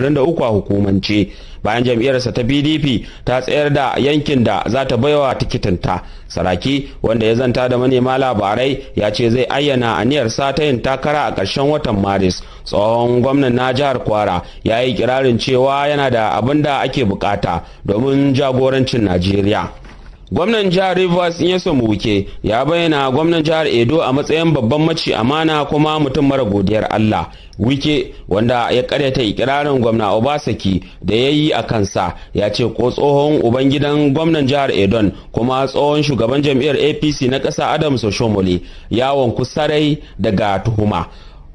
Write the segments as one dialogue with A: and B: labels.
A: 23 a hukumance bayan jam'iyyarsa ta pdp ta tsayar da yankin da za ta baiwa tikitinta saraki wanda ya zanta da manema labarai ya ce zai ayyana aniyarsa ta yin takara a ƙarshen watan maris tsohon gwamnan na jihar kwara ya yi kirarin cewa yana da abin da ake bukata domin jagorancin najeriya gwamnan jihar rivers in samu wuke ya bayyana gwamnan jihar edo a matsayin babban mace amana kuma mutum mara godiyar allah wike wanda ya karyata ikirarin gwamna obasaki da ya yi a kansa ya ce ko tsohon ubangidan gwamnan jihar edon kuma tsohon shugaban jam'iyyar apc na ƙasa adams ya yawon sarai daga tuhuma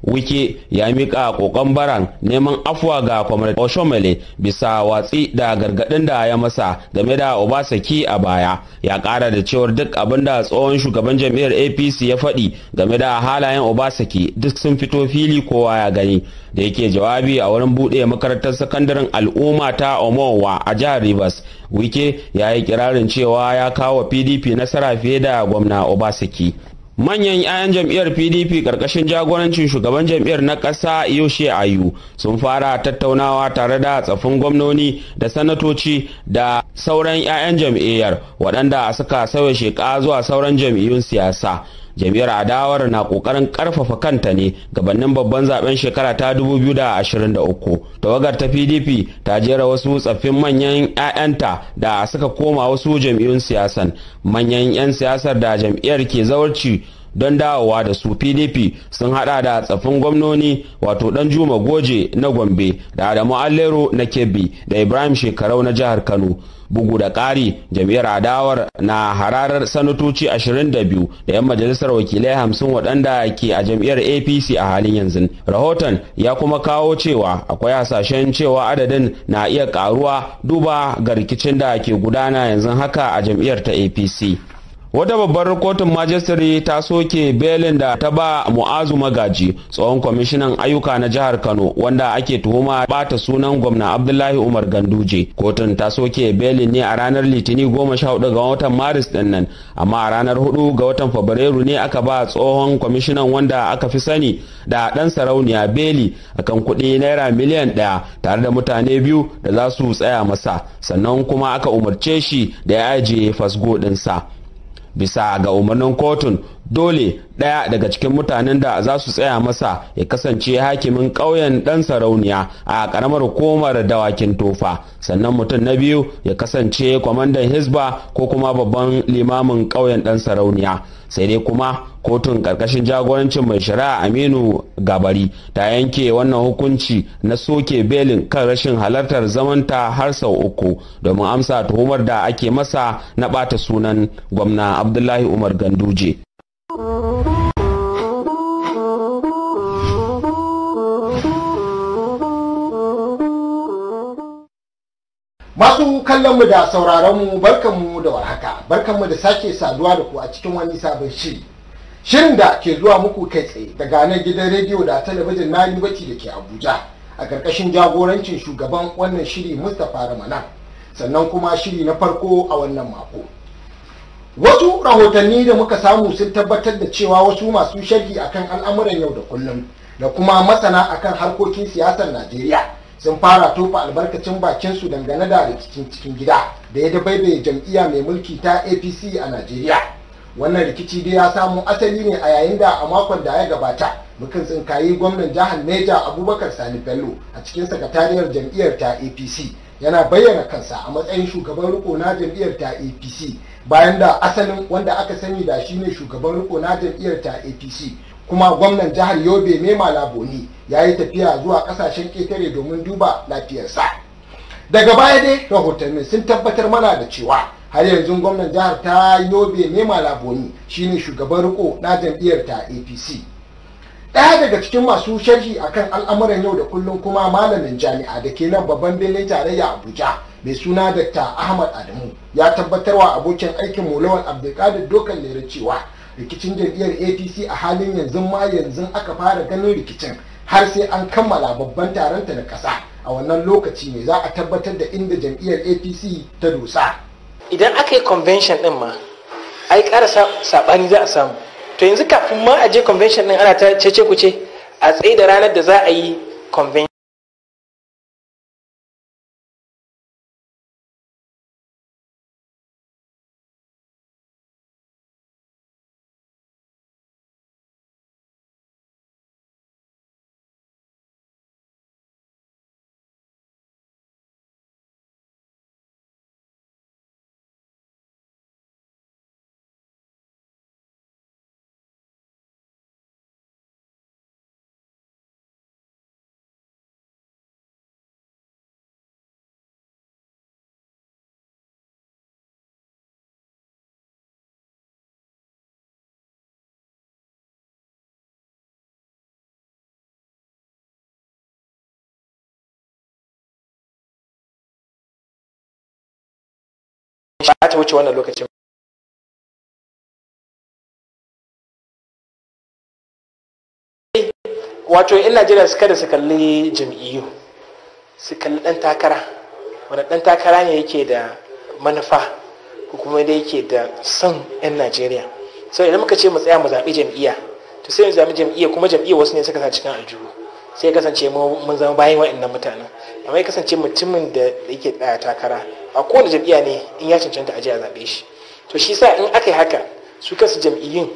A: wike ya mika kokon baran neman afuwa ga kwamar oshomele bisa watsi da gargaɗin da ya masa game da obasaki a baya ya kara da cewar duk abin da tsohon shugaban jam'iyyar apc ya faɗi game da halayen obasaki duk sun fito fili kowa ya gani da yake jawabi a wurin buɗe makarantar sakandaren al'umma ta omowa a jihar rivers wike ya yi kirarin cewa ya kawo pdp nasara fiye da gwamna obasaki manyan 'ya'yan jam'iyyar pdp ƙarƙashin jagorancin shugaban jam'iyyar na ƙasa yoshe ayu sun fara tattaunawa tare da tsafin gwamnoni da sanatoci da sauran 'ya'yan jam'iyyar waɗanda suka sauya sheka zuwa sauran jam'iyyun siyasa jam'iyyar adawar na kokarin karfafa kanta ne gabanin babban zaben shekara ta 2023 tawagar ta pdp ta jera wasu tsaffin manyan 'ya'yanta da suka koma wasu jam'iyyun siyasan manyan 'yan siyasar da jam'iyyar ke zawarci don dawowa da su pdp sun hada da tsaffin gwamnoni wato dan juma goje na gombe da adamu allero na kebbi da ibrahim shekarau na jihar kano bugu da ƙari jam'iyyar adawar na hararar sanatoci 22 da 'yan majalisar wakilai 50 waɗanda ke a jam'iyyar apc a halin yanzu rahoton ya kuma kawo cewa akwai hasashen cewa adadin na iya ƙaruwa duba ga rikicin da ke gudana yanzu haka a jam'iyyar ta apc wata babbar kotun majistare ta soke belin da ta ba mu'azu magaji tsohon kwamishinan ayyuka na jihar kano wanda ake tuhuma bata sunan gwamna abdullahi umar ganduje kotun ta soke belin ne a ranar litini goma sha hudu ga watan maris din amma a ranar hudu ga watan fabrairu ne aka ba tsohon kwamishinan wanda aka fi sani da dan sarauniya beli akan kuɗi naira miliyan ɗaya tare da mutane biyu da za su tsaya masa sannan kuma aka umarce shi da ya ajiye fasgo ɗinsa bisa ga umarnin kotun dole ɗaya daga cikin mutanen da za su tsaya masa ya kasance hakimin ƙauyen ɗan sarauniya a ƙaramar komar dawakin tofa sannan mutum na biyu ya kasance kwamandan hisba ko kuma babban limamin ƙauyen ɗan sarauniya sai dai kuma kotun ƙarƙashin jagorancin mai shari'a aminu gabari ta yanke wannan hukunci na soke belin kan rashin halartar zamanta har sau uku domin amsa tuhumar da ake masa na bata sunan gwamna abdullahi umar ganduje
B: Masu kallonmu da sauraronmu barkanmu da warhaka, barkanmu da sake saduwa da ku a cikin wani sabon shiri. Shirin da ke zuwa muku kai tsaye daga nan gidan rediyo da talabijin na Liberty da ke Abuja a ƙarƙashin jagorancin shugaban wannan shiri Mustapha Ramanan. Sannan kuma shiri na farko a wannan mako. wasu rahotanni da muka samu sun tabbatar da cewa wasu masu a kan al'amuran yau da kullum da kuma masana akan harkokin siyasar najeriya sun fara tofa albarkacin bakinsu dangane da rikicin cikin gida da ya dabaibaye jam'iyya mai mulki ta apc a najeriya wannan rikici dai ya samu asali ne a yayin da a makon da ya gabata mukan tsinkayi gwamnan jihar neja abubakar sani bello a cikin sakatariyar jam'iyyar ta apc yana bayyana kansa a matsayin shugaban riko na jam'iyyar ta apc bayan da asalin wanda aka sani da shi ne shugaban riko na jam'iyyar ta apc kuma gwamnan jihar yobe mema laboni ya yi tafiya zuwa kasashen ketare domin duba lafiyarsa daga baya dai rahotanni sun tabbatar mana da cewa har yanzu gwamnan jihar ta yobe mema shi shine shugaban riko na jam'iyyar ta apc ɗaya daga cikin masu sharhi akan al'amuran yau da kullum kuma malamin jami'a da ke nan babban birnin tarayya abuja mai suna dakta Ahmad Adamu ya tabbatar tabbatarwa abokin aikin Mulawan Abdulkadir Dokan Lera cewa rikicin jam'iyyar APC a halin yanzu ma yanzu aka fara ganin rikicin har sai an kammala babban taronta na kasa a wannan lokaci ne za a tabbatar da inda jam'iyyar APC
C: ta dosa. Idan aka yi convention din ma ai kara saɓani za a samu. To yanzu kafin ma a je convention din ana ta cece kuce a tsaye da ranar da za a yi convention. ta wuce wannan lokacin wato in najeriya su kada su kalli jam'iyyu su kalli dan takara wani dan takara ne yake da manufa ko kuma da yake da son 'yan najeriya sau idan muka ce mu tsaya mu zaɓi jam'iyya to sai mu zaɓi jam'iyya kuma jam'iyya wasu ne suka sa cikin aljihu sai ya kasance mun zama bayan wa'annan mutanen amma ya kasance mutumin da yake tsaya takara a kowane jam'iyya ne in ya cancanta a jiya zaɓe shi to shi sa in aka yi haka su kansu jam'iyyun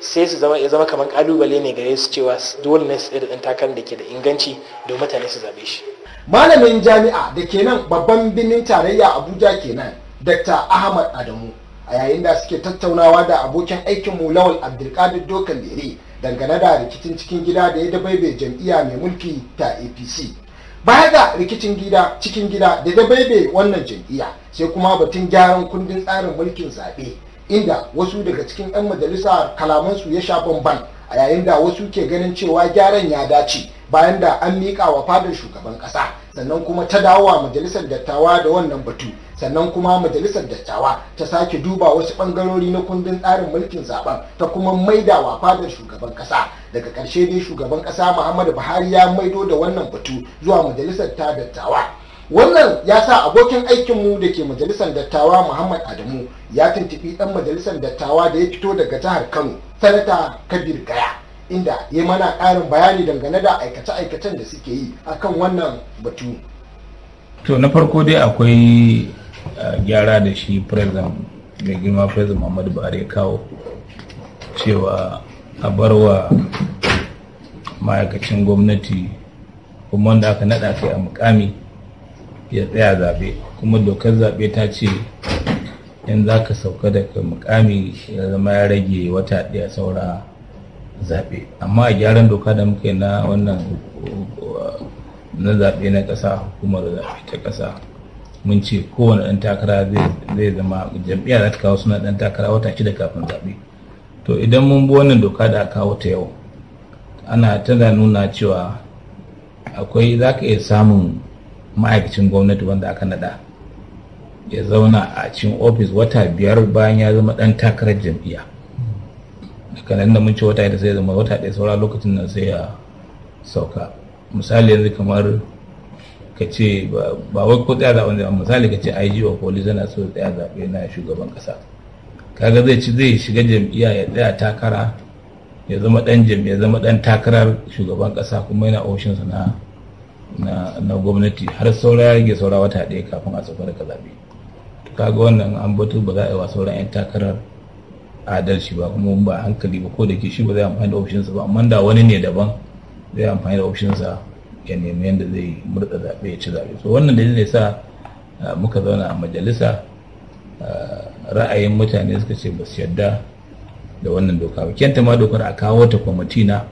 C: sai su zama ya zama kamar kalubale ne gare su cewa dole ne su ɗan takarar da ke da inganci da mutane su zaɓe shi
B: malamin jami'a da ke nan babban birnin tarayya abuja ke nan, dr ahmad adamu a yayin da suke tattaunawa da abokin aikin mu lawal abdulkadir dokan lere dangane da rikicin cikin gida da ya dabaibe jam'iyya mai mulki ta apc baya ga rikicin gida cikin gida da dabaibe wannan jam'iyya sai kuma batun gyaran kundin tsarin mulkin zaɓe inda wasu daga cikin 'yan majalisa kalamansu ya sha bamban a yayin da wasu ke ganin cewa gyaran ya dace bayan da an miƙa wa fadar shugaban ƙasa sannan kuma ta dawo dawowa majalisar dattawa da wannan batu sannan kuma majalisar dattawa ta sake duba wasu bangarori na kundin tsarin mulkin zaben ta kuma wa fadar shugaban kasa daga karshe dai shugaban kasa muhammadu buhari ya maido da wannan batu zuwa majalisar ta dattawa wannan ya sa abokin aikinmu da ke majalisar dattawa muhammad adamu ya tuntuɓi ɗan majalisar dattawa da ya fito daga jihar kano sanata kabir gaya inda ya mana ƙarin bayani dangane da aikace-aikacen da suke yi kan wannan batu
D: to na farko dai akwai gyara da shi president mai girma president muhammadu buhari ya kawo cewa a barwa ma'aikacin gwamnati kuma wanda aka naɗa kai a mukami ya tsaya zaɓe kuma dokar zaɓe ta ce in za ka sauka daga mukami ya zama ya rage wata ɗaya saura zaɓe amma a gyaran doka da muke na wannan na zaɓe na ƙasa hukumar zaɓe ta ƙasa mun ce kowane ɗan takara zai zama jam'iyyar za ta kawo suna ɗan takara wata shida kafin zaɓe to idan mun bi wannan doka da aka kawo ta yau ana tana nuna cewa akwai za ka iya samun ma'aikacin gwamnati wanda aka naɗa ya zauna a cikin ofis wata biyar bayan ya zama ɗan takarar jam'iyya kanan da mun ci wata da sai zama wata ɗaya saura lokacin nan sai ya sauka misali yanzu kamar ka ce ba wai ko tsaya zaɓen zaɓen misali ka ce IG wa police yana so tsaya zaɓe na shugaban ƙasa kaga zai ci zai shiga jam'iyya ya tsaya takara ya zama ɗan jam'iyya ya zama ɗan takarar shugaban ƙasa kuma yana ofishinsa na na gwamnati har saura ya rage saura wata ɗaya kafin a saukar daga zaɓe kaga wannan an batu ba za a yi wa sauran 'yan takarar adalci ba kuma ba hankali ba ko da ke shi ba zai amfani da ofishinsa ba amma da wani ne daban zai amfani da ofishinsa ya nemi yadda zai murda zaɓe ya ci zaɓe so wannan da ya sa muka zauna a majalisa ra'ayin mutane suka ce ba su yarda da wannan doka ba kyanta ma dokar a kawo ta kwamiti na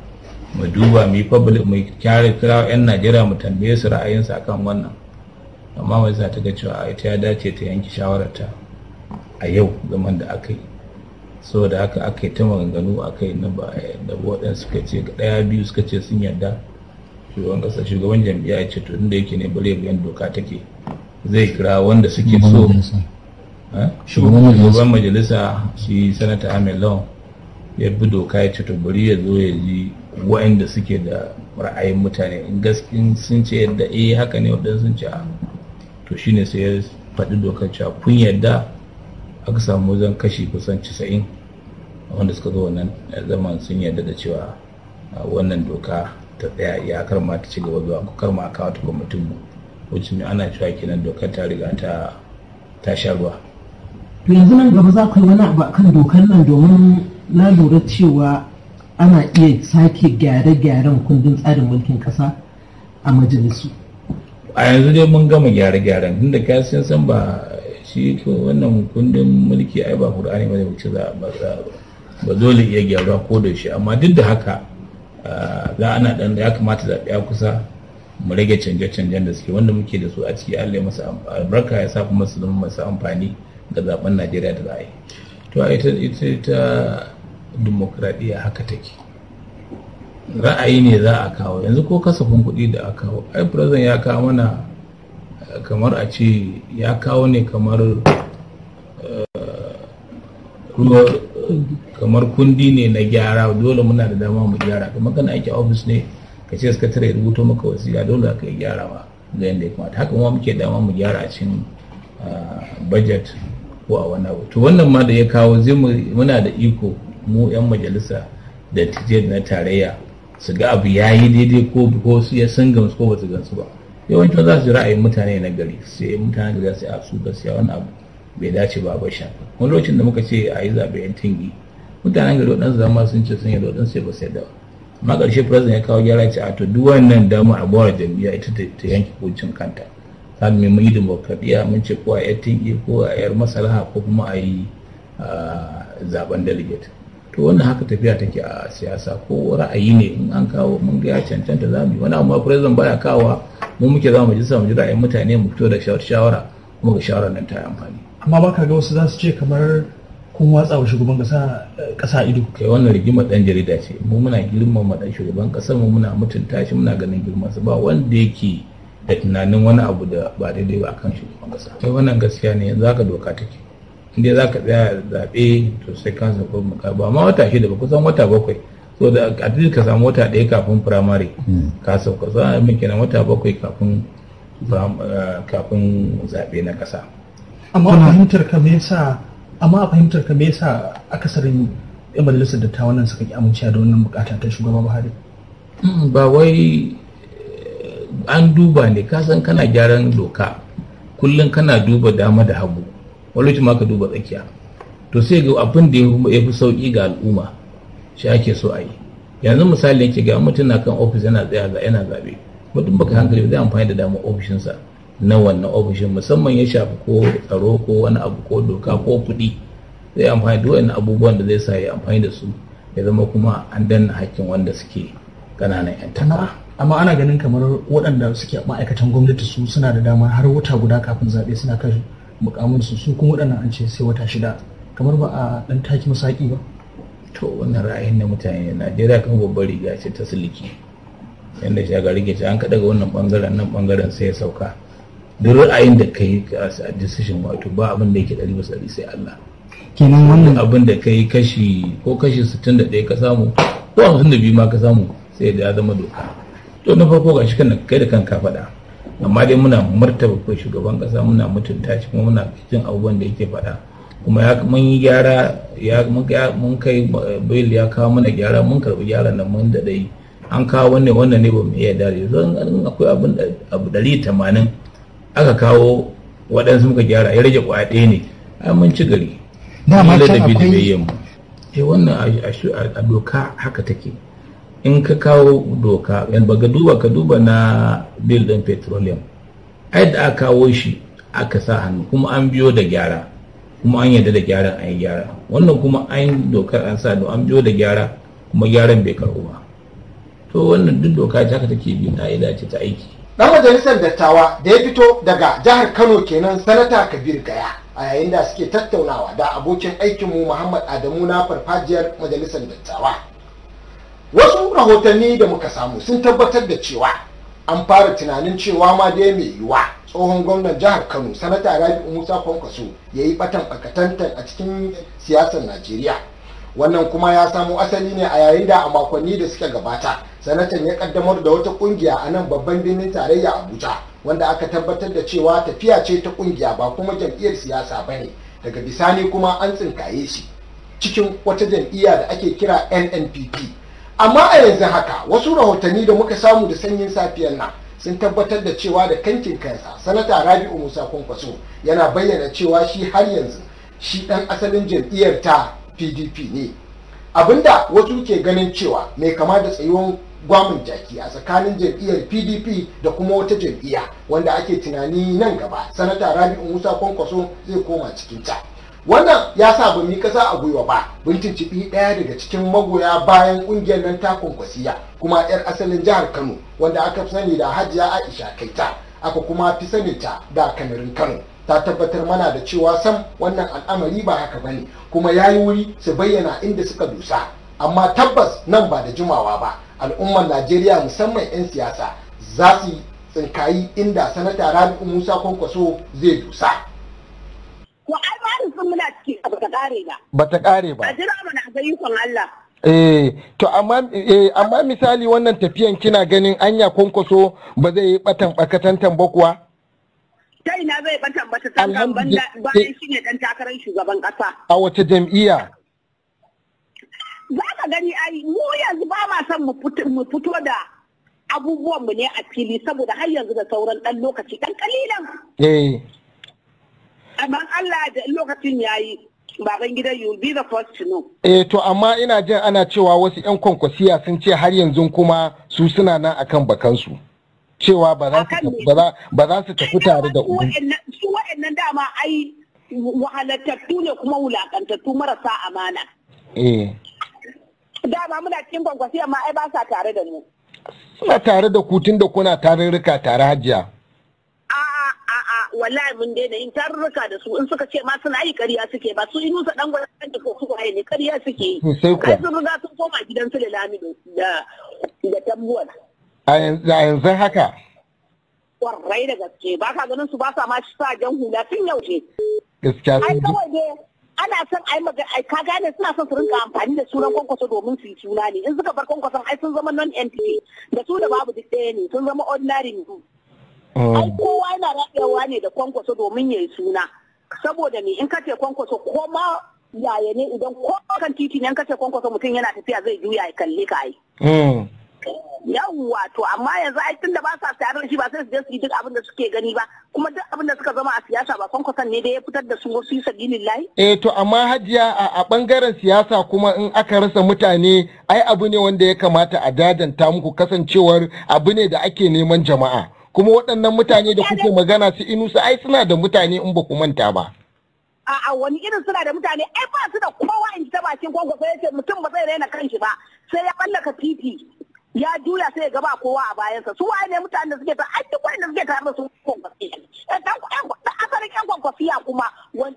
D: mu duba mu yi public mu kyara kira yan najeriya mu tambaye su ra'ayinsu akan wannan amma mai sa ta ga cewa ita ya dace ta yanke shawararta a yau zaman da aka yi saboda haka aka yi ta maganganu a kai na ba a yadda waɗanda suka ce ɗaya biyu suka ce sun yarda shugaban ƙasa shugaban jam'iyya ya ce to inda yake ne bare bayan doka take zai kira wanda suke so shugaban majalisa shi sanata ahmed lawan ya bi doka ya ce to bari ya zo ya ji waɗanda suke da ra'ayin mutane in gaskin sun ce yadda eh haka ne waɗansu sun ce to shine sai ya faɗi dokar cewa kun yadda aka samu wajen kashi kusan 90 wanda suka zo wannan zaman sun yarda da cewa wannan doka ta tsaya iyakar ma ta ci gaba zuwa kar ma kawo wata gwamnatin mu wacce ana cewa kenan dokar ta riga ta ta sha ruwa
B: to yanzu nan gaba za ku yi wani abu akan dokar nan domin na lura cewa ana iya sake gyare-gyaren kundin tsarin mulkin kasa a majalisu
D: a yanzu dai mun gama gyare-gyaren tunda kasan san ba shi to wannan kundin mulki ai ba qur'ani bane wuce za ba dole iya gyaruwa ko da shi amma duk da haka za ana dan ya kamata zabi ya kusa mu rage canje-canjen da suke wanda muke da su a ciki Allah ya masa albarka ya sa kuma su zama masu amfani ga zaben Najeriya da za a yi to ita ita ita demokradiyya haka take ra'ayi ne za a kawo yanzu ko kasafin kuɗi da aka kawo ai president ya kawo mana kamar a ce ya kawo ne kamar eh, kamar kundi ne na gyara dole muna da dama mu gyara kamar kana aiki a ofis ne ka ce suka tare rubuto maka wasiƙa dole ka yi ba ga yadda ya kamata haka kuma muke dama mu gyara a cikin eh, budget ko a wani abu to wannan ma da ya kawo zai muna da iko mu 'yan majalisa da tijjiyar na tarayya su ga abu ya yi daidai ko su ya san gamsu ko ba su gamsu ba yawancin za su ra'ayin mutane na gari sai eh, mutane da za su yi a ah, su gaskiya wani abu bai dace ba ba shafa wani lokacin da muka ce a yi zaɓe yan tingi mutanen gari waɗansu zama sun ce sun yi waɗansu ya ba sai da amma ƙarshe firazin ya kawo gyara ce a ah, to duk wannan dama a bawar jam'iyya ita ta yanke kocin kanta ta mai mun yi mun ce ko a yar tingi ko a yar masalaha ko kuma a yi zaben delegate to wannan haka tafiya take a siyasa ko ra'ayi ne in an kawo mun ga ya cancanta za mu yi wani amma president baya kawo mu muke za mu ji sa mu ji ra'ayin mutane mu fito da shawara kuma ga shawarar nan ta yi amfani
B: amma ba ka ga wasu za su ce kamar
D: kun watsa wa shugaban kasa eh, kasa ido kai wannan rigima ɗan jarida ce mu muna girmama ɗan shugaban kasa mu muna mutunta shi muna ganin girman su ba wanda yake da tunanin wani abu da ba daidai ba akan shugaban kasa kai wannan gaskiya ne yanzu haka doka take inda za ka tsaya zaɓe to sai ka zaɓi ba ma wata shida ba kusan wata bakwai so da a at ka samu wata ɗaya kafin firamare hmm. ka sauka za a miki na wata bakwai kafin eh, kafin zaɓe na ƙasa amma a
E: fahimtar ka me yasa amma a
D: fahimtar ka me yasa akasarin yan majalisar dattawan nan suka ki amincewa da wannan bukata ta shugaba Buhari hmm, ba wai eh, an duba ne ka san kana gyaran doka kullum kana duba dama da hagu wani ma ka duba tsakiya to sai ga abin da ya fi sauki ga al'umma shi ake so a yi yanzu misali yake ga mutum na kan ofis yana tsaya yana zabe mutum baka hankali zai amfani da damar ofishinsa na wannan ofishin musamman ya shafi ko tsaro ko wani abu ko doka ko kuɗi zai amfani da wani abubuwan da zai sa ya amfani da su ya zama kuma an danna hakkin wanda suke ƙananan 'yan tana amma ana ganin kamar waɗanda suke ma'aikatan gwamnati su suna da damar har wata guda kafin zaɓe suna kan mukamin su su kuma waɗannan an ce sai wata shida kamar ba a ɗan taki masaki ba to wannan ra'ayin na mutane najeriya kan babbar riga ce ta siliki yadda shagari ke an ka daga wannan ɓangaren nan bangaren sai ya sauka duk ra'ayin da ka yi a decision wato ba abin da yake ɗari ba sai Allah kenan wannan abin da ka yi kashi ko kashi 61 ka samu ko 52 ma ka samu sai da ya zama doka to na farko ga shi kan kai da kanka faɗa amma dai muna martaba ko shugaban ƙasa muna mutunta shi kuma muna jin abubuwan da yake faɗa kuma mun yi gyara mun kai bil ya kawo mana gyara mun karbi gyara nan mun da dai an kawo wannan wannan ne ba mu iya dare zan akwai abin abu 180 aka kawo waɗansu muka gyara ya rage kwaɗe ɗaya ne a mun ci gari
F: ma ta akwai
D: eh wannan a doka haka take in ka kawo doka yan baga duba ka duba na bill din petroleum ai da aka kawo shi aka sa hannu kuma an biyo da gyara kuma an yarda da gyaran an yi gyara wannan kuma an dokar an sa an biyo da gyara kuma gyaran bai karɓu ba to wannan duk doka ta haka take bi ka'ida ce ta aiki
B: dan majalisar dattawa da ya fito daga jihar kano kenan sanata kabir gaya a yayin da suke tattaunawa da abokin aikin mu muhammad adamu na farfajiyar majalisar dattawa wasu rahotanni da muka samu sun tabbatar da cewa an fara tunanin cewa ma dai mai yiwuwa tsohon gwamnan jihar kano sanata rabi musa kwankwaso ya yi batan bakatantar a cikin siyasar najeriya wannan kuma ya samo asali ne a yayin da a makonni da suka gabata sanatan ya kaddamar da wata kungiya a nan babban birnin tarayya abuja wanda aka tabbatar da cewa tafiya ce ta kungiya ba kuma jam'iyyar siyasa ba ne daga bisani kuma an tsinkaye shi cikin wata jam'iyya da ake kira nnpp amma a yanzu haka wasu rahotanni da muka samu da sanyin safiyar nan sun tabbatar da cewa da kankin kansa sanata rabi'u musa kwankwaso yana bayyana cewa shi har yanzu shi dan asalin jam'iyyar ta pdp ne abinda wasu ke ganin cewa mai kama da tsayuwan gwamnati jaki a tsakanin jam'iyyar pdp da kuma wata jam'iyya wanda ake tunani nan gaba sanata rabi'u musa kwankwaso zai koma cikin ta wannan ya sa ba mi kasa a gwiwa ba bin tuntubi ɗaya daga cikin magoya bayan ƙungiyar nan ta kwankwasiya kuma 'yar asalin jihar kano wanda aka fi sani da hajiya aisha ta, aka kuma fi saninta da kamarin kano ta tabbatar mana da cewa sam wannan al'amari ba haka bane kuma ya yi wuri su bayyana inda suka dusa amma tabbas nan ba da jimawa ba al'ummar najeriya musamman 'yan siyasa za su tsinkayi inda sanata rabi'u musa kwankwaso zai dusa
F: ko ai ba muna ba ta kare ba
B: ba ta kare ba a
F: jira mana ga ikon allah
B: Eh, to amma eh, amma misali wannan tafiyan kina ganin anya kwankwaso ba zai yi batan bakatantan ba kuwa?
F: Ta ina zai batan bakatantan bayan eh. shi ne dan takarar shugaban kasa.
B: A wace jam'iyya?
F: Za ka gani ai mu yanzu ba ma son mu fito da abubuwan mu ne a fili saboda har yanzu da sauran dan lokaci dan kalilan. Eh. Amma Allah da lokacin yayi baban gida you be the first to know.
B: Eh to amma ina jin ana cewa wasu ƴan kwankwasiya sun ce har yanzu kuma su suna nan akan bakansu. Cewa ba za su ba za su tafi tare da uban.
F: Su wa'annan dama ai wahalatattu ne kuma wulakantattu marasa amana. Eh. Dama muna cikin kwankwasiya ma ai ba sa tare da mu.
B: Suna tare da kutun da kuna tarurruka tare hajiya.
F: wallahi mun daina yin tarurruka da su in suka ce ma suna yi ƙarya suke ba su ɗan dan gwamnati da su waye ne ƙarya suke yi kai sun riga sun koma gidan su da lamido da da tambuwar
B: a yanzu haka
F: kwarai da gaske ba ka ganin su ba sa ma sa jan hula tun yaushe
B: gaskiya ai kawai
F: dai ana son ai maga ai ka gane suna son su rinka amfani da sunan kwankwaso domin su yi suna ne in suka bar kwankwason ai sun zama non entity da su da babu duk ɗaya ne sun zama ordinary ne Um, ai kowa yana rabewa ne da kwankwaso domin ya yi suna. Saboda ni in ka ce kwankwaso ko ma yaya ne idan ko kan titi ne in ce kwankwaso mutum yana tafiya zai juya ya kalle ka yi. Um, Yawwa to amma yanzu ai tunda ba sa sayar shi ba sai su je su yi duk abin da suke gani ba kuma duk abin da suka zama a siyasa ba kwankwason ne da ya fitar da su wasu yi sabilin layi.
B: Eh to amma hajiya a bangaren siyasa kuma in aka rasa mutane ai abu ne wanda ya kamata a dadanta muku kasancewar abu ne da ake neman jama'a. kuma waɗannan mutane da kuke magana su inusa ai suna da mutane in ba ku manta ba
F: a'a wani irin suna da mutane ai ba su da kowa in ta bakin kwanko sai ce mutum ba zai raina kanshi ba sai ya ballaka titi ya juya sai ya gaba kowa a bayansa su waye ne mutanen da suke ta ai duk wanda suke tare da su kwanko sai dan asalin yan kwanko kuma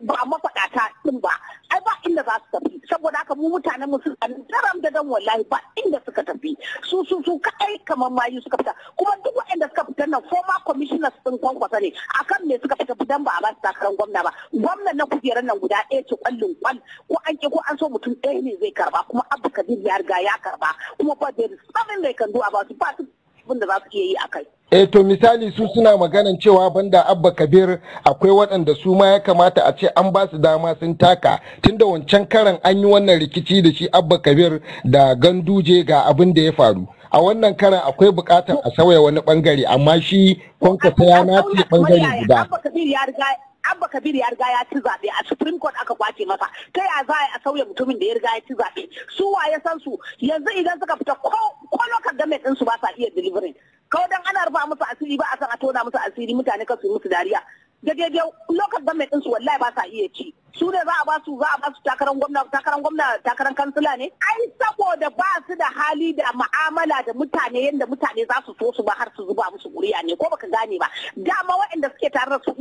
F: ba mafaɗata din ba ai ba inda za su tafi saboda haka mu mutanen mu sun daram da dan wallahi ba inda suka tafi su su su kai kamar mayu suka fita kuma duk waɗanda suka fita nan former commissioners sun kwankwasa ne akan me suka fita dan ba a ba su takarar gwamna ba gwamna na kujerar nan guda ɗaya ce kwallin kwal ko an ki ko an so mutum ɗaya ne zai karba kuma abdu kadir ya riga ya karba kuma ba da sanin da kan do a ba ba su abin da za su iya yi a kai.
B: Eh to misali su suna maganan cewa banda Abba Kabir akwai waɗanda su ma ya kamata a ce an ba su dama sun taka tunda wancan karan an yi wannan rikici da shi Abba Kabir da Ganduje ga abin da ya faru. A wannan karan akwai buƙatar a sauya wani bangare amma shi ta ya nace bangare guda.
F: Abba Kabir ya riga ya ci zaɓe a Supreme Court aka kwace masa kai a za a sauya mutumin da ya riga ya ci zaɓe su wa ya san su yanzu idan suka fita kowa government din su ba sa iya delivering kawai dan ana rufa musu asiri ba a san a tona musu asiri mutane ka su musu dariya da daidai local government din su wallahi ba sa iya ci su ne za a ba su za a ba su takarar gwamna takarar gwamna takarar kansila ne ai saboda ba su da hali da ma'amala da mutane yanda mutane za su so su ba har su zuba musu kuriya ne ko baka gane ba dama waɗanda suke tare da su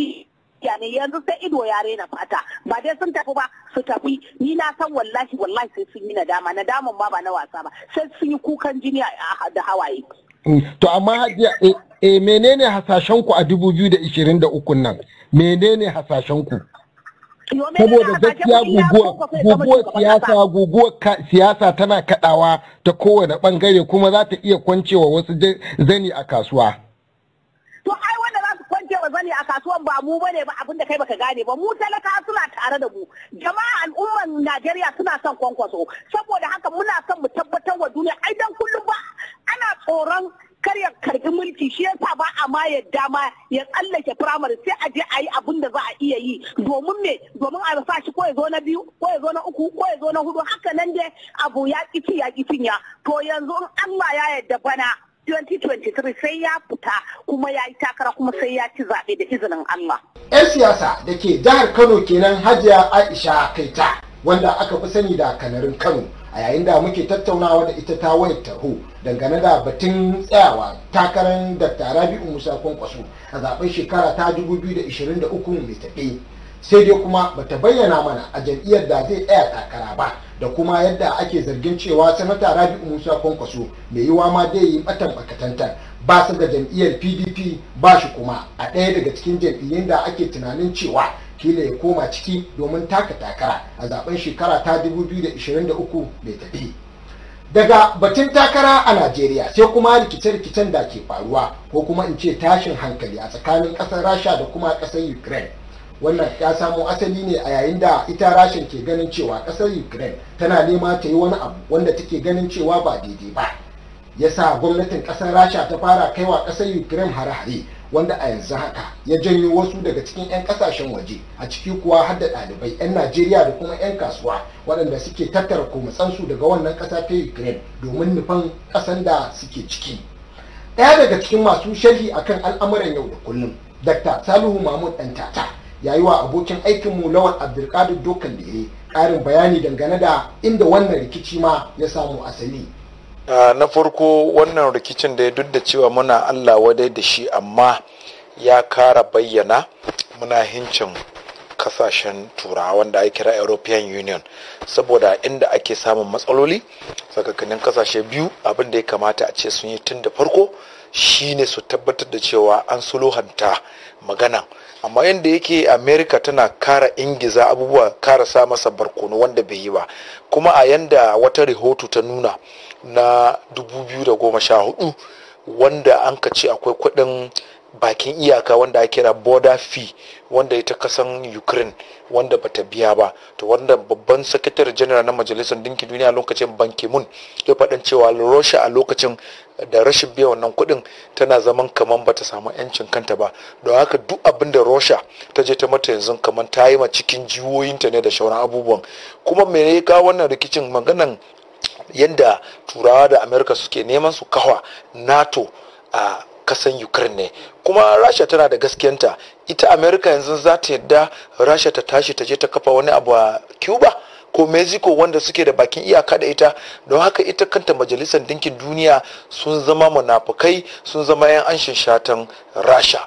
F: ne yanzu sai ido ya rena fata ba dai sun tafi ba su tafi ni na san wallahi wallahi sai sun yi nadama nadaman ma ba na wasa ba sai sun yi kukan jini da hawaye
B: mm. to amma hajiya e menene hasashen ku a 2023 nan menene hasashen ku
F: saboda gaskiya guguwar
B: siyasa guguwar siyasa tana kadawa ta kowane bangare kuma za ta iya kwancewa wasu zani a kasuwa
F: bane a kasuwan ba mu bane ba abinda kai baka gane ba mu talaka suna tare da mu jama'a al'umman Najeriya suna son kwankwaso saboda haka muna son mu tabbatar wa duniya ai dan kullum ba ana tsoron karya karbi mulki shi yasa ba a ma yadda ma ya tsallake firamare sai a je a yi abin da za a iya yi domin me domin a sa shi ko ya zo na biyu ko ya zo na uku ko ya zo na hudu haka nan dai abu ya ƙi ya ƙi ya to yanzu an ma ya yadda bana 2023 sai ya fita kuma ya yi takara kuma sai ya ci zaɓe da izinin Allah.
B: 'Yan siyasa da ke jihar Kano kenan Hajiya Aisha Kaita wanda aka fi sani da kanarin Kano a yayin da muke tattaunawa da ita ta wayar taho dangane da batun tsayawa takarar Dr. Rabi'u Musa Kwankwaso a zaben shekara ta 2023 mai tafe sai dai kuma bata bayyana mana a jam'iyyar da zai tsaya takara ba. da kuma yadda ake zargin cewa sanata Rabi musa kwankwaso mai yiwa ma dai yi batan bakatantan ba su da jam'iyyar pdp ba shi kuma a ɗaya daga cikin jam'iyyun da ake tunanin cewa kila ya koma ciki domin taka takara a zaben shekara ta 2023 mai tafi daga batun takara a najeriya sai kuma rikice-rikicen da ke faruwa ko kuma in ce tashin hankali a tsakanin ƙasar rasha da kuma ƙasar ukraine wannan ya samo asali ne a yayin da ita rashin ke ganin cewa kasar ukraine tana nema ta yi wani abu wanda take ganin cewa ba daidai ba ya sa gwamnatin kasar rasha ta fara kaiwa kasar ukraine hare-hare wanda a yanzu haka ya janyo wasu daga cikin 'yan kasashen waje a ciki kuwa hadda ɗalibai 'yan najeriya da kuma 'yan kasuwa waɗanda suke tattara komatsansu daga wannan ƙasa ta ukraine domin nufan ƙasan da suke ciki ɗaya daga cikin masu sharhi kan al'amuran yau da kullum dr salihu mahmud ɗan tata yayi wa abokin aikinmu lawan abdulkadir dokan da ya ƙarin bayani dangane da inda wannan rikici ma ya samu asali
C: na farko wannan rikicin da ya duk da cewa muna allah wadai da shi amma ya kara bayyana muna hincin kasashen turawa wanda ake kira european union saboda inda ake samun matsaloli tsakakkanin kasashe biyu abin da ya kamata a ce sun yi tun da farko shine su tabbatar da cewa an sulhanta magana amma yadda yake america tana kara ingiza abubuwa kara sa masa barkono wanda bai yi ba kuma a yanda wata rahoto ta nuna na 2014 wanda an ka ce akwai kudin bakin iyaka wanda ake kira border fee wanda ita kasan ukraine wanda bata biya ba to wanda babban secretary general na majalisar dinkin duniya lokacin banki mun ya faɗin cewa russia a lokacin da rashin biyan wannan kuɗin tana zaman kamar bata samu yancin kanta ba don haka duk abin da Russia ta je ta mata yanzu kamar ta yi ma cikin jiwoyinta ne da shauran abubuwan kuma me ya kawo wannan rikicin maganan yadda turawa da amerika suke neman su kawa nato a kasan ukraine ne kuma rasha tana da gaskiyanta ita amerika yanzu za ta yadda rasha ta tashi ta je ta kafa wani abu a cuba ko mexico wanda suke da bakin iyaka da ita don haka ita kanta majalisar dinkin duniya sun zama munafukai sun zama 'yan anshin shatan rasha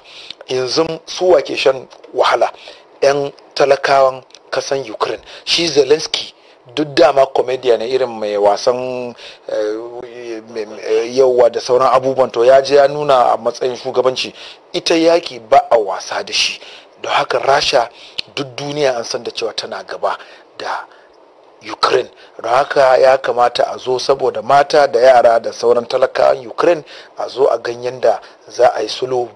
C: yanzu su wake shan wahala 'yan talakawan kasan ukraine shi zelensky duk dama komediya ne irin mai wasan eh, eh, yauwa da sauran abubuwan to ya je ya nuna a matsayin shugabanci ita yaki ba a wasa da shi don haka rasha duk duniya an san da cewa tana gaba da ukraine don haka ya kamata a zo saboda mata da yara da sauran talakawan ukraine a zo a ganyen da za a yi sulo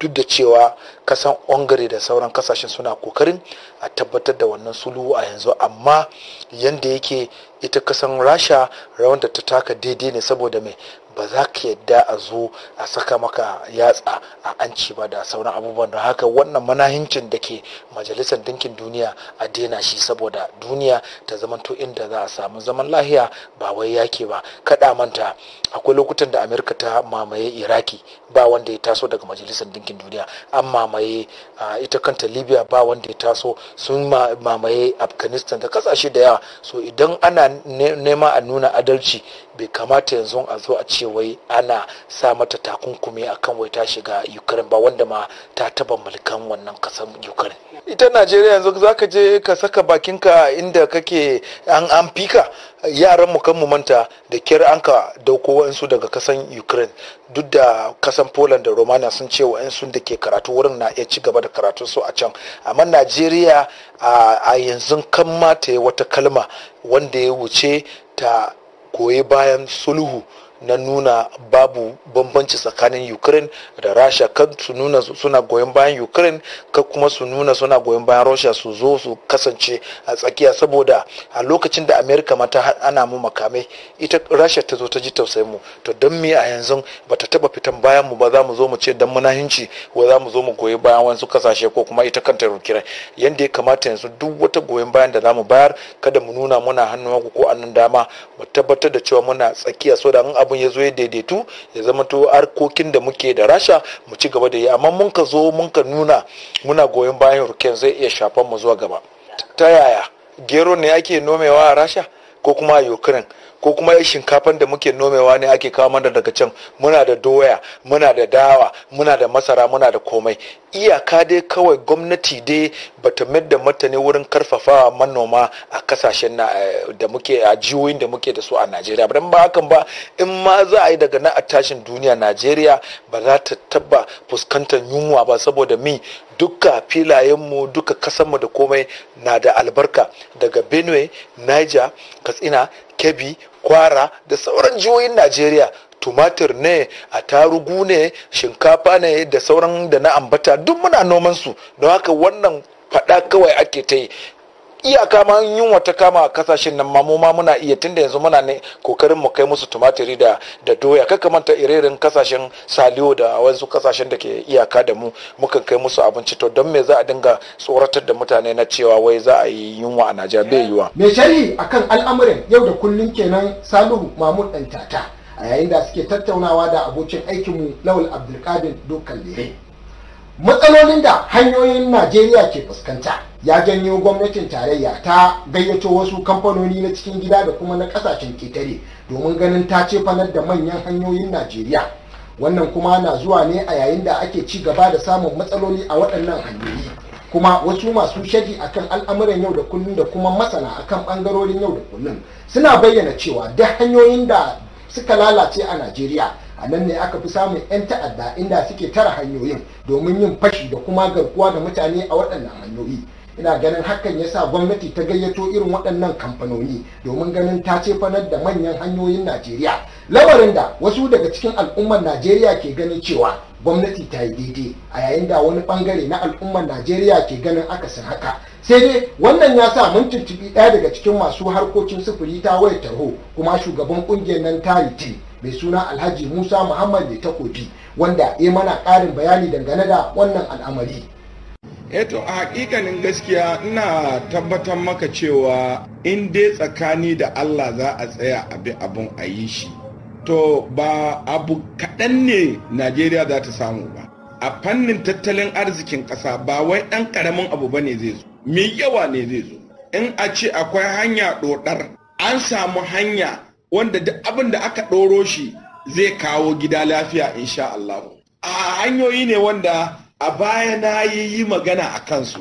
C: duk da cewa kasan ongare da sauran kasashen suna kokarin a tabbatar da wannan sulu a yanzu amma yanda yake ita kasan rasha rawar da ta taka daidai ne saboda mai ba za ka yadda a zo a saka maka yatsa a anci ba da sauran abubuwan Da haka wannan manahincin da ke majalisar dinkin duniya a daina shi saboda duniya ta zamanto inda za a samu zaman lahiya ba wai yaki ba kada manta akwai lokutan da amerika ta mamaye iraki ba wanda ya taso daga majalisar dinkin duniya an mamaye ita kanta libya ba wanda ya taso sun mamaye afghanistan da kasashe da yawa so idan ana nema a nuna adalci bai kamata yanzu a zo a ce wai ana sa mata takunkumi akan wai ta shiga ukraine ba wanda ma ta taba mulkan wannan kasan ukraine ita najeriya yanzu za ka je ka saka bakinka inda kake an an fika yaran mu kan mu manta da kyar an ka dauko wa'ansu daga kasan ukraine duk da kasan poland da romania sun ce wa'ansu da ke karatu wurin na iya ci gaba da karatu su a can amma najeriya a yanzu kan mata wata kalma wanda ya wuce ta koyi bayan sulhu na nuna babu bambanci tsakanin ukraine da rasha kan su nuna suna goyon bayan ukraine kan kuma su nuna suna goyon bayan russia su zo su kasance a tsakiya saboda a lokacin da america ma ta ana mu makamai ita rasha ta zo ta ji tausayin mu to don me a yanzu ba ta taba fitan bayan mu ba za mu zo mu ce dan hinci wa za mu zo mu goyi bayan wasu kasashe ko kuma ita kanta ukraine Yadda ya kamata yanzu duk wata goyon bayan da za mu bayar kada mu nuna muna hannun ko annan dama mu tabbatar da cewa muna tsakiya so da abu abin ya zo ya daidaitu ya zama to harkokin da muke da rasha mu ci gaba da yi amma mun ka zo mun ka nuna muna goyon bayan ruken zai iya shafan mu zuwa gaba ta yaya gero ne ake nomewa a rasha ko kuma a ukraine ko kuma shinkafan da muke nomewa ne ake kawo mana daga can muna da doya muna da dawa muna da masara muna da komai iyaka dai kawai gwamnati dai bata mayar da mutane wurin karfafawa manoma a kasashen eh, da muke a jihohin da muke da su a najeriya ba ba hakan ba in ma za a yi daga na a tashin duniya najeriya ba za ta taba fuskantar yunwa ba saboda mi duka filayenmu duka kasanmu da komai na da albarka daga benue niger katsina kebbi kwara da sauran jihohin najeriya tumatir ne a tarugu ne shinkafa ne da sauran da na ambata duk muna noman su don haka wannan faɗa kawai ake ta yi iyaka ma yunwa ta kama kasashen nan ma ma muna iya tunda yanzu muna ne kokarin mu kai musu tumatiri da da doya kaka manta irerin kasashen saliyo da wasu kasashen da ke iyaka da mu muka kai musu abinci to don me za a dinga tsoratar da mutane na cewa wai za a yi yunwa a Najeriya bai yiwa me sharhi
B: akan al'amuran yau da kullun kenan Salihu Mahmud tata a yayin da suke tattaunawa da abokin aikin mu Lawal Abdulkadir Dokalle matsalolin da hanyoyin najeriya ke fuskanta ya janyo gwamnatin tarayya ta gayyato wasu kamfanoni na cikin gida da kuma na kasashen ketare domin ganin ta ce fanar da manyan hanyoyin najeriya wannan kuma na zuwa ne a yayin da ake ci gaba da samun matsaloli a waɗannan hanyoyi kuma wasu masu shaji akan al'amuran yau da kullum da kuma masana akan ɓangarorin yau da kullum suna bayyana cewa duk hanyoyin da suka lalace a najeriya a nan ne aka fi samun 'yan ta'adda inda suke tara hanyoyin domin yin fashi da kuma garkuwa da mutane a waɗannan hanyoyi ina ganin hakan ya sa gwamnati ta gayyato irin waɗannan kamfanoni domin ganin ta ce fanar da manyan hanyoyin najeriya lamarin da wasu daga cikin al'ummar najeriya ke ganin cewa gwamnati ta yi daidai a yayin da wani bangare na al'ummar najeriya ke ganin akasin haka sai dai wannan ya sa mun tuntuɓi ɗaya daga cikin masu harkokin sufuri ta waye tarho kuma shugaban ƙungiyar nan ta yi mai suna alhaji musa muhammad mai takobi wanda ya mana ƙarin bayani dangane da wannan al'amari
G: eto eh a hakikanin gaskiya ina tabbatar maka cewa in dai tsakani da allah za a tsaya abin abin a yi shi to ba abu kaɗan ne najeriya za ta samu ba a fannin tattalin arzikin ƙasa ba wai ɗan ƙaramin abu ba ne zai zo mai yawa ne zai zo in a ce akwai hanya ɗoɗar an samu hanya wanda duk abin da aka ɗoro shi zai kawo gida lafiya insha Allah a hanyoyi ne wanda a baya na yi yi magana a kansu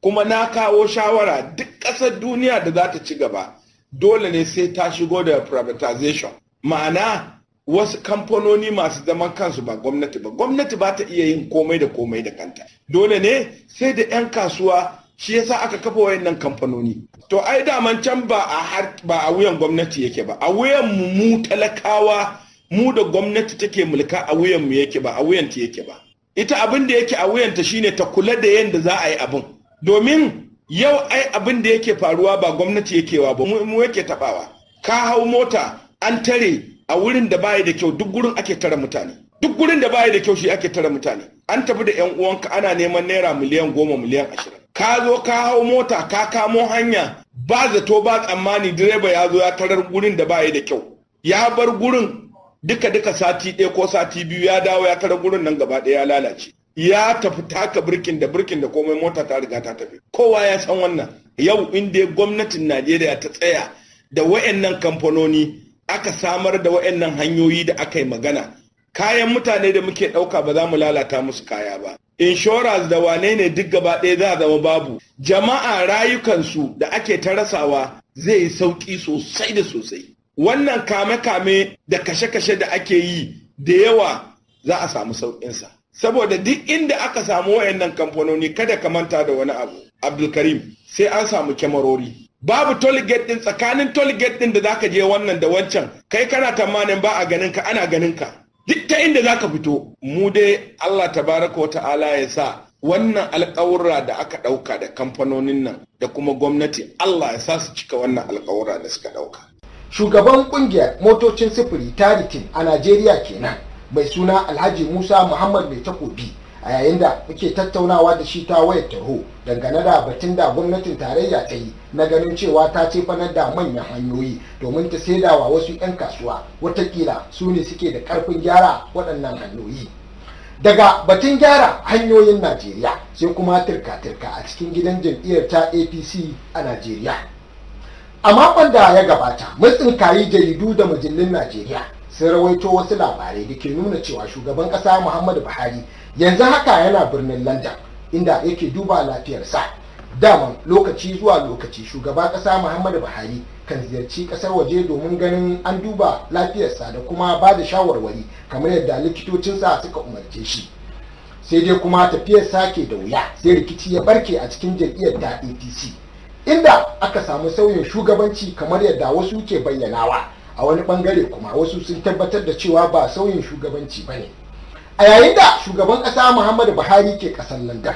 G: kuma na kawo shawara duk ƙasar duniya da za ta ci gaba dole ne sai ta shigo da privatization ma'ana wasu kamfanoni masu zaman kansu ba gwamnati ba gwamnati ba ta iya yin komai da komai da kanta dole ne sai da 'yan kasuwa shi yasa aka kafa wayannan kamfanoni to ai daman can ba a ba a wuyan gwamnati yake ba a wuyan mu mu talakawa mu da gwamnati take mulka a wuyan mu yake ba a wuyan ta yake ba ita abin da yake a wuyan ta shine ta kula da yadda za a yi abin domin yau ai abin da yake faruwa ba gwamnati yake wa ba mu yake tabawa ka hau mota an tare a wurin da baya da kyau duk gurin ake tare mutane duk gurin da baya da kyau shi ake tara mutane an tafi da yan uwanka ana neman naira miliyan goma miliyan ashirin ka zo ka hau mota ka kamo hanya ba zato ba tsammani direba ya zo ya tarar gurin da ba da kyau ya bar gurin duka duka sati ɗaya ko sati biyu ya dawo ya tarar gurin nan gaba ɗaya ya lalace ya tafi taka birkin da birkin da komai mota ta riga ta tafi kowa ya san wannan yau inda gwamnatin najeriya ta tsaya da wayannan kamfanoni aka samar da wayannan hanyoyi da aka yi magana kayan mutane da muke ɗauka ba za mu lalata musu kaya ba insurance da wane ne duk gaba ɗaya za a zama babu jama'a rayukansu da ake ta rasawa zai yi sauƙi sosai da sosai wannan kame-kame da kashe-kashe da ake yi da yawa za a samu sauƙinsa saboda duk inda aka samu wayannan kamfanoni kada ka manta da wani abu abdulkarim sai an samu kyamarori babu toliget din tsakanin toliget din da zaka je wannan da wancan kai kana tamanin ba a ganin ka ana ganin ka duk ta inda za ka fito mu dai Allah tabaraka wa ta'ala ya sa wannan alƙawura da aka ɗauka da kamfanonin nan da kuma gwamnati Allah ya sa su cika wannan alƙawura da suka ɗauka.
B: Shugaban ƙungiyar motocin sifiri tarikin a Najeriya kenan mai suna Alhaji Musa Muhammad Mai Takobi a yayin da muke tattaunawa da shi ta wayar tarho dangane da batun da gwamnatin tarayya ta yi na ganin cewa ta ce fanar da manyan hanyoyi domin ta saidawa wasu 'yan kasuwa watakila su ne suke da karfin gyara waɗannan hanyoyi daga batun gyara hanyoyin najeriya sai kuma turka-turka a cikin gidan jam'iyyar ta apc a najeriya a makon da ya gabata matsin kayi jaridu da mujallin najeriya sun rawaito wasu labarai da ke nuna cewa shugaban ƙasa muhammadu buhari yanzu haka yana birnin london inda yake duba lafiyarsa daman lokaci zuwa lokaci shugaba ƙasa muhammadu buhari kan ziyarci ƙasar waje domin ganin an duba lafiyarsa da kuma ba da shawarwari kamar yadda likitocinsa suka umarce shi sai dai kuma tafiyar sa ke da wuya sai rikici ya barke a cikin jam'iyyar ta apc inda aka samu sauyin shugabanci kamar yadda wasu ke bayyanawa a wani bangare kuma wasu sun tabbatar da cewa ba sauyin shugabanci ba ne a yayin da shugaban ƙasa muhammadu buhari ke ƙasar Landan,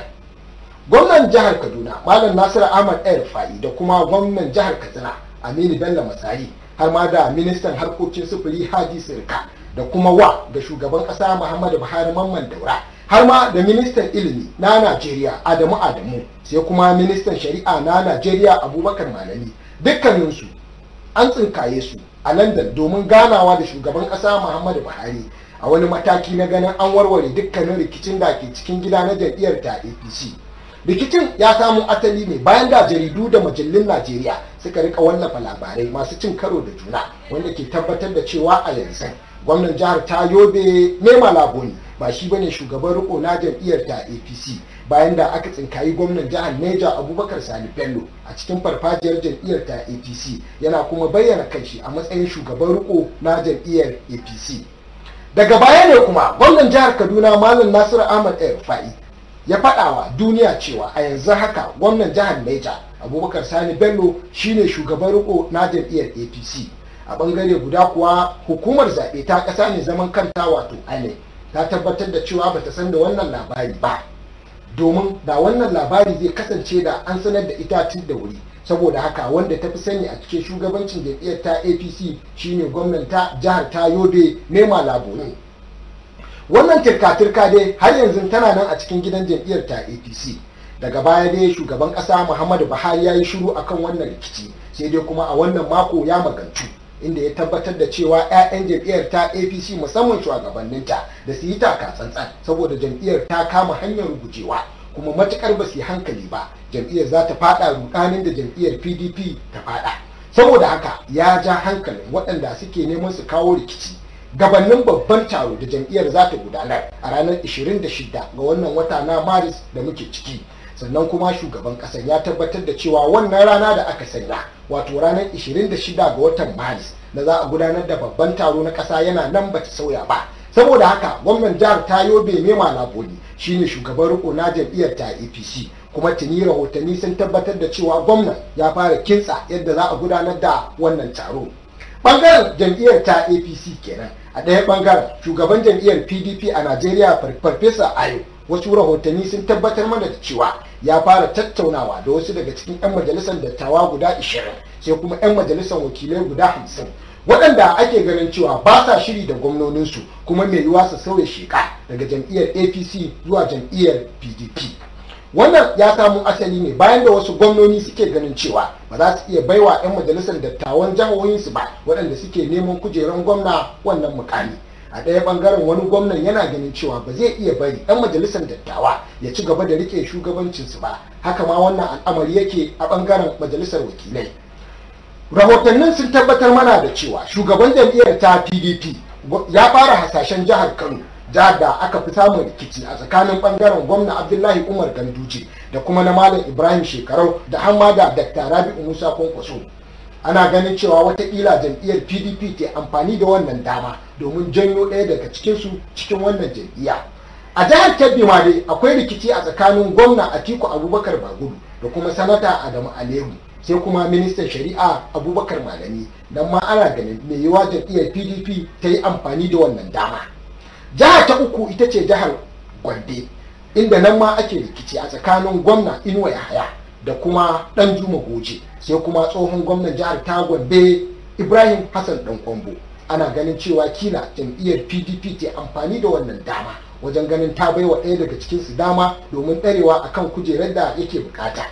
B: gwamnan jihar kaduna malam nasiru ahmad el fa'i da kuma gwamnan jihar katsina aminu bello masari har ma da ministan harkokin sufuri haji sirka da kuma wa da shugaban ƙasa muhammadu buhari mamman daura har ma da ministan ilimi na najeriya adamu adamu sai kuma ministan shari'a na najeriya abubakar malami dukkaninsu an tsinkaye su a Landan domin ganawa da shugaban ƙasa muhammadu buhari a wani mataki na ganin an warware dukkanin rikicin da ke cikin gida na jam'iyyar ta apc rikicin ya samu asali ne bayan da jaridu da majallun najeriya suka rika wallafa labarai masu cin karo da juna wanda ke tabbatar da cewa a yanzu gwamnan jihar ta yobe nema laboni ba shi bane shugaban riko na jam'iyyar ta apc bayan da aka tsinkayi gwamnan jihar neja abubakar sani bello a cikin farfajiyar jam'iyyar ta apc yana kuma bayyana kanshi a matsayin shugaban riko na jam'iyyar apc daga baya ne kuma gwamnan jihar kaduna malam nasiru ahmad el fa'i ya faɗawa duniya cewa a yanzu haka gwamnan jihar neja abubakar sani bello shine shugaban riko na jam'iyyar apc a bangare guda kuwa hukumar zaɓe ta ƙasa ne zaman kanta wato ale ta tabbatar da cewa bata san da wannan labari ba domin da wannan labari zai kasance da an sanar da ita tun da wuri saboda haka wanda ta fi sani a cikin shugabancin jam'iyyar ta apc shine gwamnan ta jihar ta yobe nema ne wannan turka-turka dai har yanzu tana nan a cikin gidan jam'iyyar ta apc daga baya dai shugaban kasa muhammadu buhari ya yi shiru akan wannan rikici sai dai kuma a wannan mako ya magantu inda ya tabbatar da cewa 'ya'yan jam'iyyar ta apc musamman shugabanninta da su yi taka tsantsan saboda jam'iyyar ta kama hanyar gujewa kuma matukar ba su yi hankali ba jam'iyyar za ta fada rukanin da jam'iyyar pdp ta fada saboda haka ya ja hankalin waɗanda suke neman su kawo rikici gabanin babban taro da jam'iyyar za ta gudanar a ranar 26 ga wannan wata na maris da muke ciki sannan kuma shugaban ƙasar ya tabbatar da cewa wannan rana da aka sanya wato ranar 26 ga watan maris na za a gudanar da babban taro na ƙasa yana nan bata sauya ba saboda haka gwamnan jihar ta yobe mema labodi shine shugaban riko na jam'iyyar ta apc kuma tuni rahotanni sun tabbatar da cewa gwamnan ya fara kintsa yadda za a gudanar da wannan taro bangaren jam'iyyar ta apc kenan a ɗaya bangaren shugaban jam'iyyar pdp a najeriya farfesa ayo wasu rahotanni sun tabbatar mana da cewa ya fara tattaunawa da wasu daga cikin 'yan majalisar dattawa guda 20 sai kuma 'yan majalisar wakilai guda 50 waɗanda ake ganin cewa ba sa shiri da gwamnoninsu kuma mai yiwuwa su sauya sheka daga jam'iyyar apc zuwa jam'iyyar pdp wannan ya samu asali ne bayan da wasu gwamnoni suke ganin cewa ba za su iya baiwa 'yan majalisar dattawan jihohinsu ba waɗanda suke neman kujerun gwamna wannan mukami a ɗaya ɓangaren wani gwamnan yana ganin cewa ba zai iya bari 'yan majalisar dattawa ya ci gaba da riƙe shugabancinsu ba haka ma wannan al'amari yake a ɓangaren majalisar wakilai rahotannin sun tabbatar mana da cewa shugaban jam'iyyar ta pdp ya fara hasashen jihar kano jihar da aka fi samun rikici a tsakanin bangaren gwamna abdullahi umar ganduje da kuma na malam ibrahim shekarau da hamada da rabi'u musa kwankwaso ana ganin cewa watakila jam'iyyar pdp ke amfani da wannan dama domin janyo ɗaya daga cikinsu cikin wannan jam'iyya a jihar kebbi ma dai akwai rikici a tsakanin gwamna atiku abubakar bagudu da kuma sanata adamu alemu sai kuma ministan shari'a abubakar malami nan ma ana ganin mai yiwa jam'iyyar pdp ta yi amfani da wannan dama jiha ta uku ita ce jihar Gwande, inda nan ma ake rikici a tsakanin gwamna inuwa yahaya da kuma dan juma goje sai kuma tsohon gwamnan jihar ta gwande ibrahim hassan dan kwambo ana ganin cewa kila jam'iyyar pdp ta yi amfani da wannan dama wajen ganin ta baiwa ɗaya daga cikinsu dama domin ɗarewa akan kujerar da yake bukata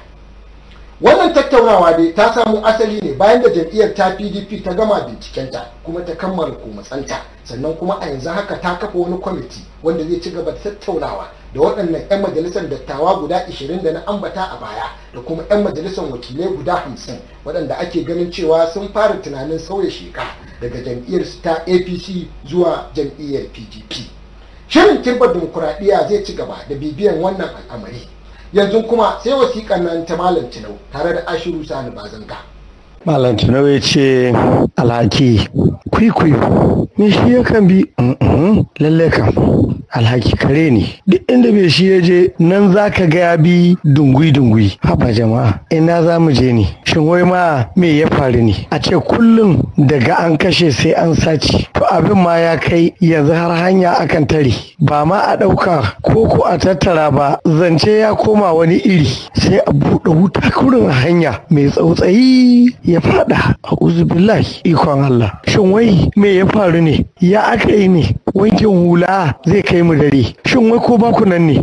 B: wannan tattaunawa dai ta samu asali ne bayan da jam'iyyar ta pdp ta gama bincikenta kuma ta kammala komatsanta sannan kuma a yanzu haka ta kafa wani kwamiti wanda zai ci gaba da tattaunawa da waɗannan 'yan majalisar dattawa guda 20 da na ambata a baya da kuma 'yan majalisar wakilai guda 50 waɗanda ake ganin cewa sun fara tunanin sauya sheka daga jam'iyyar ta apc zuwa jam'iyyar pdp shirin kimbar dimokuraɗiyya zai ci gaba da bibiyan wannan al'amari yanzu kuma sai wasiƙan nan ta malam tinau tare da ashiru sani bazanga
E: Malam ya ce alhaki kwikwi ni shi yakan bi lalle kam, alhaki kare ne duk inda bai shi ya je nan za ka ga ya bi dungui-dungui haba jama'a ina za mu je ne shin wai ma me ya faru ne a ce kullum daga an kashe sai an sace to abin ma ya kai yanzu har hanya akan tare ba ma a ɗauka ko ko a tattara ba zance ya koma wani iri sai a buɗe wuta kurin hanya mai tsautsayi ya fada a uzubillahi ikon Allah shin wai me ya faru ne ya aka yi ne wankin hula zai kai mu dare shin wai ko baku nan ne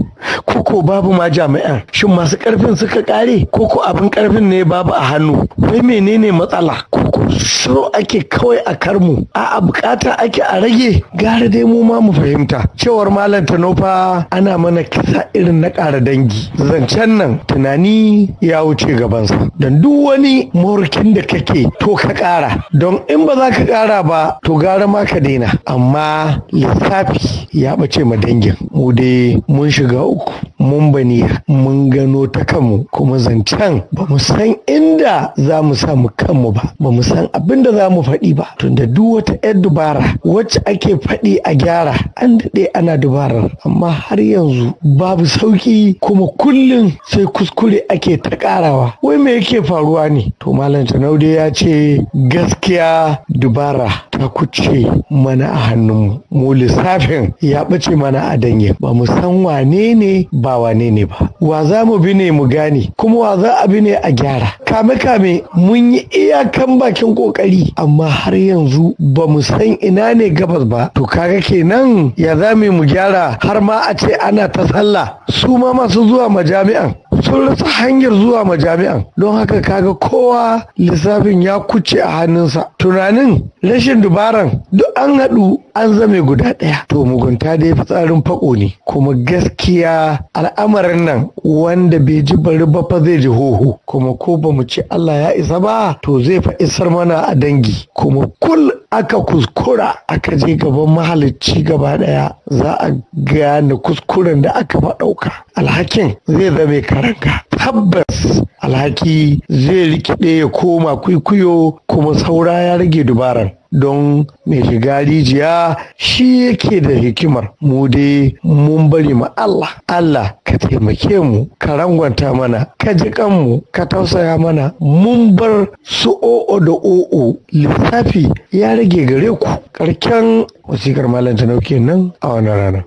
E: ko ko babu ma jami'an shin masu karfin suka kare ko ko abin karfin ne babu a hannu wai menene matsala ko ko so ake kawai a karmu a a bukata ake a rage gara dai mu ma mu fahimta cewar malam tanofa ana mana kisa irin na ƙara dangi zancen nan tunani ya wuce gabansa don duk wani morkin da kake to ka ƙara don in ba za ka ƙara ba to gara ma ka daina amma lissafi ya ɓace ma dangin mu dai mun shiga uku mun ne mun gano ta kanmu kuma zancen ba mu san inda za mu samu kanmu ba ba mu san abin da za mu faɗi ba tunda duk wata 'yar dubara wacce ake faɗi a gyara an daɗe ana dubarar amma har yanzu babu sauƙi kuma kullum sai kuskure ake ta ƙarawa wai me yake faruwa ne to malam tanaude ya ce gaskiya dubara ta kuce mana a hannun mu mu lissafin ya ɓace mana a danye ba mu san wane ne ba wane ne ba wa za mu bi ne mu gane kuma wa za a bi ne a gyara kame kame mun yi iyakan bakin kokari amma har yanzu ba mu san ina ne gabas ba to kaga kenan ya za mu gyara har ma a ce ana ta sallah su ma masu zuwa majami'an sun rasa hanyar zuwa majami'an don haka kaga kowa lissafin ya kuce a hannunsa tunanin rashin dubaran duk an haɗu an zame guda ɗaya to mugunta dai fitsarin fako ne kuma gaskiya al'amarin nan wanda bai ji bari ba fa zai ji hoho kuma ko ba mu ce Allah ya isa ba to zai fa isar mana a dangi kuma kul aka kuskura aka je gaban mahalicci gaba ɗaya za a gane kuskuren da aka ɗauka alhakin zai zame karanka. tabbas alhaki zai rikide ya koma kwaikwayo, kuma saura ya rage dubaran don mai shiga rijiya shi yake da hikimar mu dai mun bari ma Allah Allah ka taimake mu ka rangwanta mana ka ji kanmu ka tausaya mana mun bar su o'o da o'o lissafi ya rage gare ku karken wasikar malam tanau kenan a wannan rana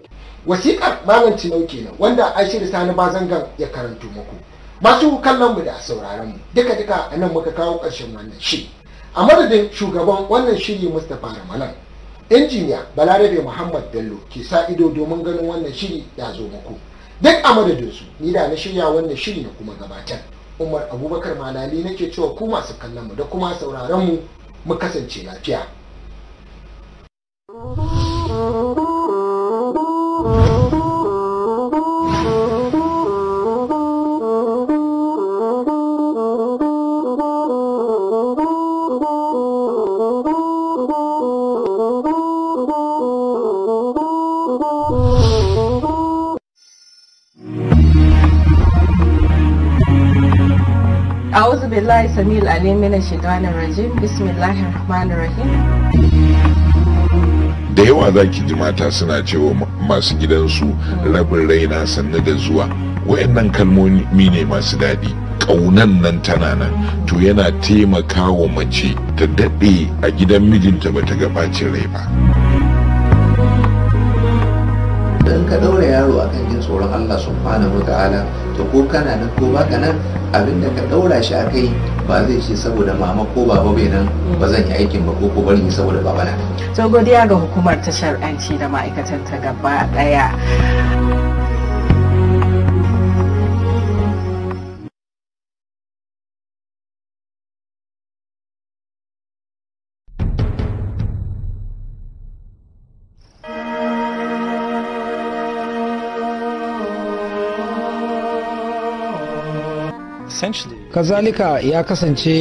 B: wasikar malam tanau kenan wanda shirya Sani Bazangan ya karanto muku masu kallon mu da sauraron mu duka duka anan muka kawo ƙarshen wannan shi a madadin shugaban wannan shiri mustapha ramalan injiniya balarabe muhammad bello ke sa ido domin ganin wannan shiri ya zo muku duk a madadinsu ni da na shirya wannan shiri na kuma gabatar umar abubakar malali nake cewa ku masu kallon mu da kuma sauraron mu mu kasance lafiya
A: Abdullahi samil Ali mina shaitanir rajim bismillahir
D: rahmanir rahim
G: da yawa za ki ji mata suna cewa masu gidansu rabin raina sannu da zuwa wayannan kalmomi ne masu daɗi ƙaunan nan tana nan to yana taimaka wa mace ta daɗe a gidan mijinta bata ga bacin rai ba
D: in ka ɗaura yaro a kan jin tsoron Allah subhanahu wa ta'ala to ko kana nan
A: ko baka nan abin da ka ɗaura shi a kai ba zai ce saboda mama ko baba bai nan ba zan yi aikin ba ko ko bari ni saboda baba na.
F: godiya ga hukumar ta shar'anci da ma'aikatan ta gaba ɗaya.
A: Kazalika ya kasance